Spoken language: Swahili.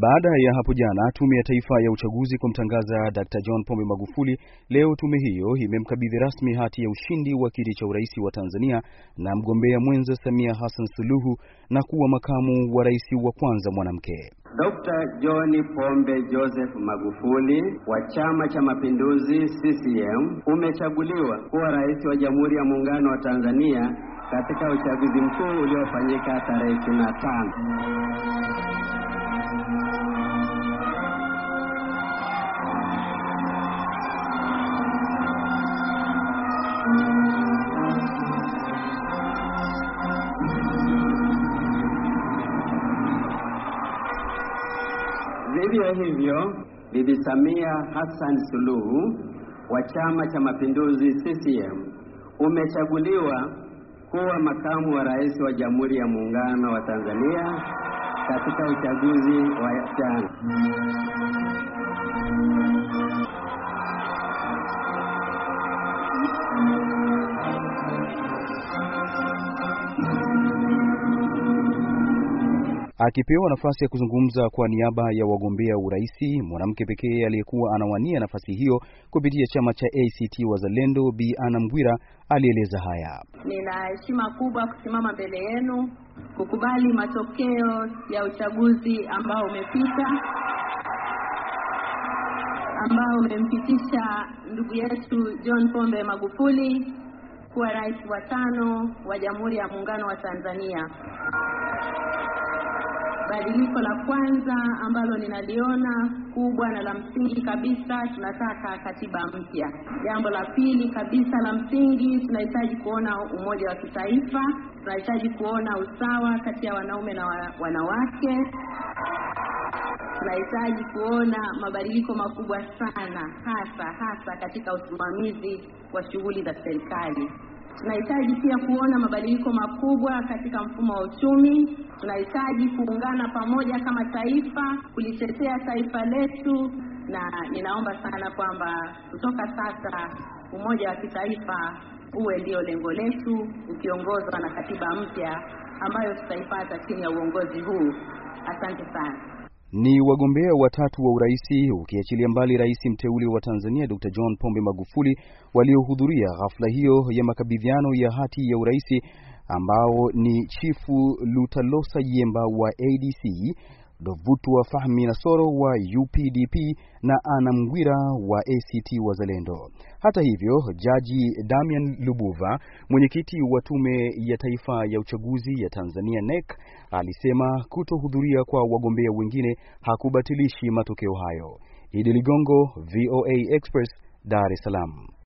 Baada ya hapo jana Tume ya Taifa ya Uchaguzi kumtangaza Dr. John Pombe Magufuli, leo tume hiyo imemkabidhi rasmi hati ya ushindi wa kiti cha urais wa Tanzania na mgombea mwenza Samia Hassan Suluhu na kuwa makamu wa rais wa kwanza mwanamke. Dr. John Pombe Joseph Magufuli wa Chama cha Mapinduzi CCM umechaguliwa kuwa rais wa Jamhuri ya Muungano wa Tanzania katika uchaguzi mkuu uliofanyika tarehe 25. Vivyo hivyo, Bibi Samia Hassan Suluhu wa Chama cha Mapinduzi CCM umechaguliwa kuwa makamu wa rais wa Jamhuri ya Muungano wa Tanzania katika uchaguzi wa jana. Akipewa nafasi ya kuzungumza kwa niaba ya wagombea uraisi, mwanamke pekee aliyekuwa anawania nafasi hiyo kupitia chama cha ACT Wazalendo, Bi Ana Mgwira alieleza haya: nina heshima kubwa kusimama mbele yenu kukubali matokeo ya uchaguzi ambao umepita, ambao umempitisha ndugu yetu John Pombe Magufuli kuwa rais wa tano wa Jamhuri ya Muungano wa Tanzania. Badiliko la kwanza ambalo ninaliona kubwa na la msingi kabisa, tunataka katiba mpya. Jambo la pili kabisa la msingi, tunahitaji kuona umoja wa kitaifa, tunahitaji kuona usawa kati ya wanaume na wanawake, tunahitaji kuona mabadiliko makubwa sana, hasa hasa katika usimamizi wa shughuli za serikali. Tunahitaji pia kuona mabadiliko makubwa katika mfumo wa uchumi. Tunahitaji kuungana pamoja kama taifa kulitetea taifa letu, na ninaomba sana kwamba kutoka sasa umoja wa kitaifa uwe ndio lengo letu, ukiongozwa na katiba mpya ambayo tutaipata chini ya uongozi huu. Asante sana ni wagombea watatu wa uraisi ukiachilia mbali rais mteule wa Tanzania Dr. John Pombe Magufuli waliohudhuria hafla hiyo ya makabidhiano ya hati ya uraisi ambao ni Chifu Lutalosa Yemba wa ADC Dovutwa Fahmi Nasoro wa UPDP na Ana Mgwira wa ACT Wazalendo. Hata hivyo, Jaji Damian Lubuva, mwenyekiti wa Tume ya Taifa ya Uchaguzi ya Tanzania NEC, alisema kutohudhuria kwa wagombea wengine hakubatilishi matokeo hayo. Idi Ligongo, VOA Express, Dar es Salaam.